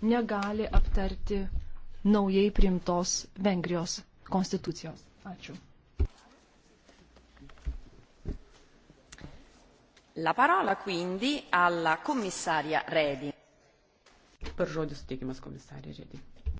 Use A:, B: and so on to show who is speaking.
A: negali aptarti
B: naujai primtos Vengrijos
C: konstitucijos. Ačiū. La parola quindi alla commissaria Redi. Per žodį suteikimas komisarė
D: Redi.